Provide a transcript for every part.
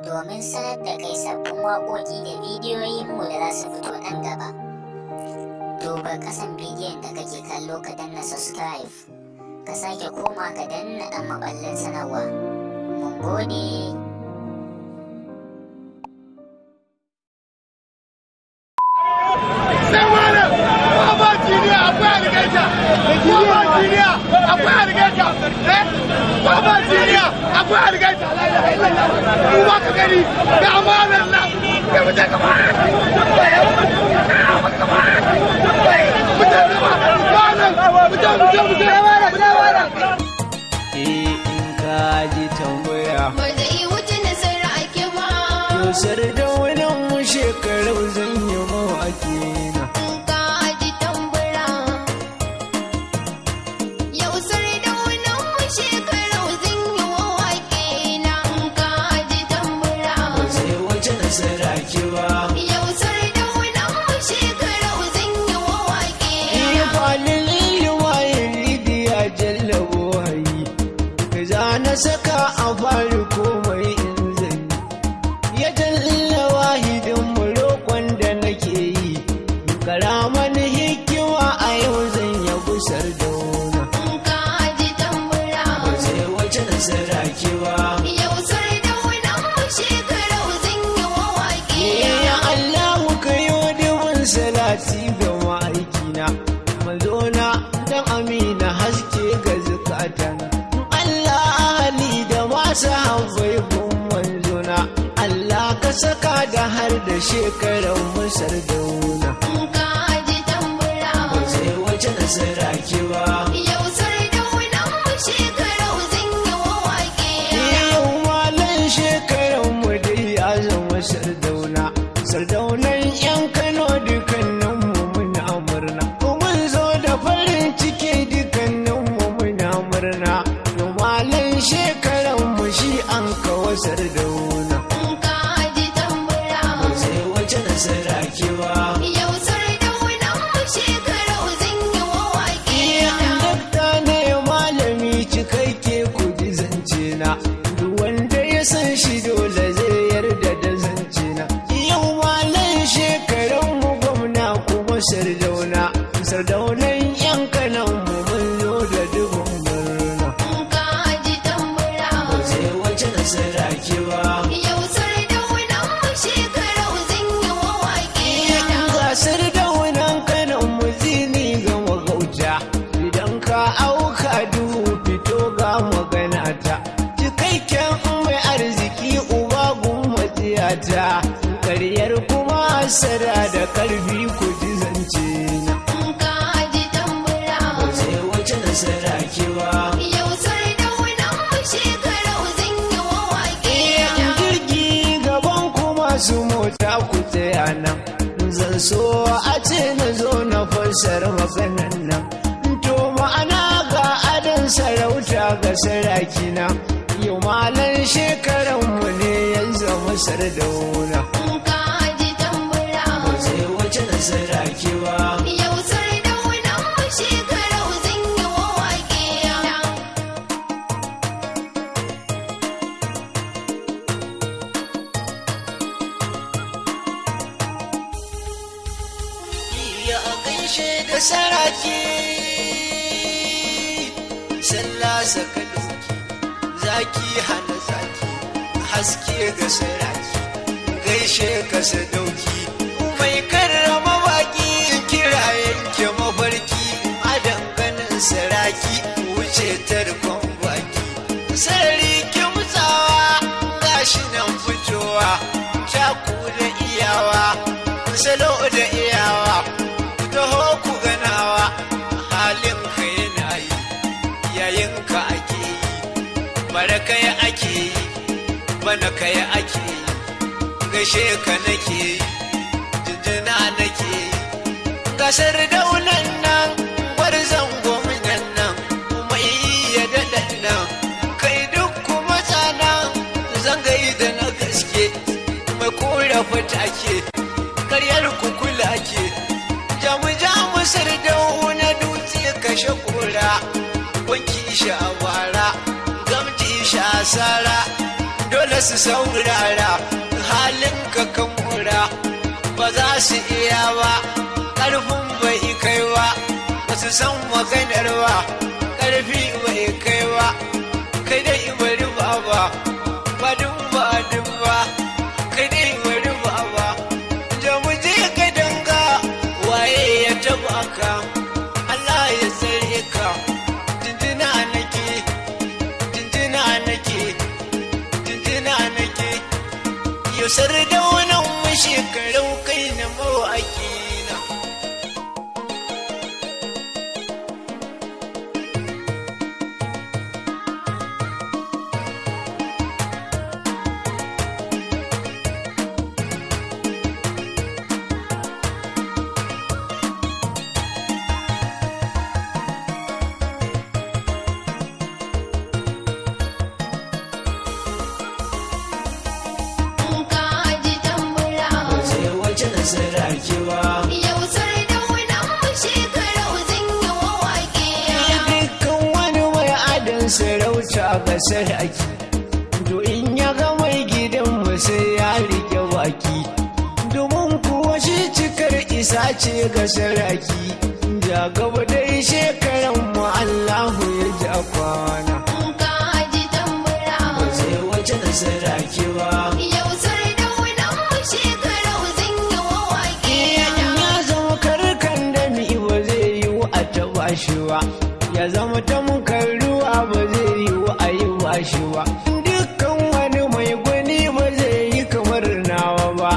domin sanar da kai sabbin waƙoƙi da bidiyoyinmu da za su fito nan gaba. Duba ƙasan bidiyon da kake kallo ka danna subscribe, ka sake koma ka danna ɗan maɓallin sanarwa. Mun gode! akwai algaita akwai algaita ba Najeriya akwai hargai ta la ilaha illallah mu ba ka gani da amanar na kai mu ta gaba na saka da har da shekarar masar da wuna. Ka ji tambura. Ba sai wace nasara ki ba. fita ku tsaya nan zan so a ce na zo na fassara maganan nan to ma'ana ga adon sarauta ga saraki na yau malan shekaran mu ne ya zama sardauna ka ji tambura ba sai wace na sarakewa da saraki sallah saka doki zaki hana zaki haske ga saraki gaishe ka sadauki mai karrama baki kirayen ke mafarki a danganin saraki wuce tarkon baki sarari kimtsawa gashi nan fitowa shaku da iyawa salo da iyawa da ake gashe ka nake jinjina nake gasar daunan nan gwarzan gwamnan nan mai iya daɗan nan kai duk kuma tsana zangayi da na gaske mai korafa take karyar kukula ke jamu jamu dutse kashe kora, wanki shi a bara gamji shi a sara su saurara halin kan kura ba za su iya ba ƙarfin bai kai ba su san maganar ba ƙarfi ba sarda wannan shekarau kai ba saraki to in ya ga mai gidanmu sai ya rike baki domin kuwa shi cikar isa ce ga saraki ja gaba dai shekaran mu Allahu ya kwana ka ji ba ba da yi wawaki ya zama karkan da ba zai yi a taba shi ba shi dukkan wani mai gwani ba zai yi kamar nawa ba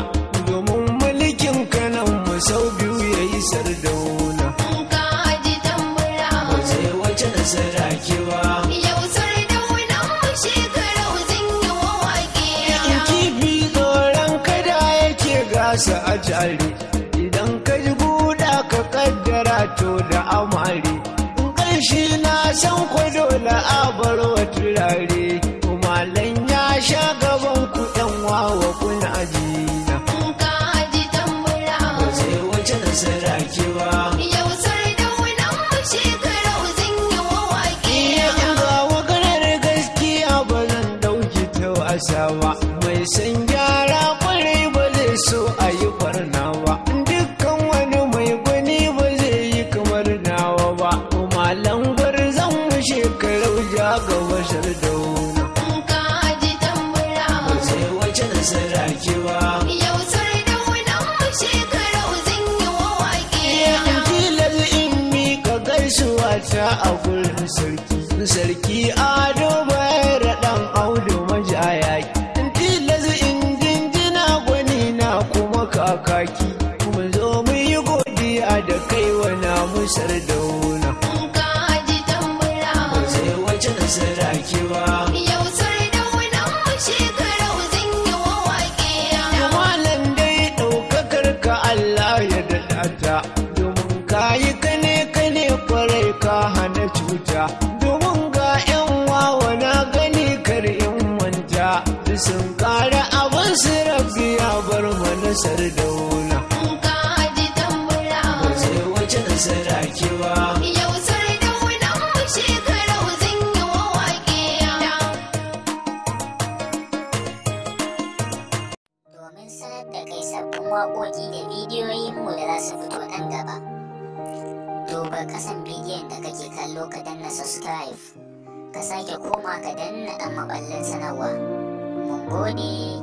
domin mulkin kanan mu sau biyu ya yi sardauna ka ji tambura ba zai wace nasara ki ba yau sardauna mu shekarau zan yi wawaƙi kifi tsoron kada yake gasa a jari sha gaban ku ɗan wawa kun aji a sarki sarki ado bai ɗan audu majaya in tilas in jinjina gwani na kuma kakaki kuma zo mu yi godiya da kai wa namusar dauna. Ka ji Sai wace nasara. bar abun su rabbi ya bar mana sardauna in ka ji tambura ba sai wajen saraki ba yau sardauna mu shekarau zan yi wawaƙe domin sanar da kai sabbin waƙoƙi da bidiyoyin mu da za su fito nan gaba duba kasan bidiyon da kake kallo na danna subscribe ka sake koma ka danna dan maballin sanarwa ボデり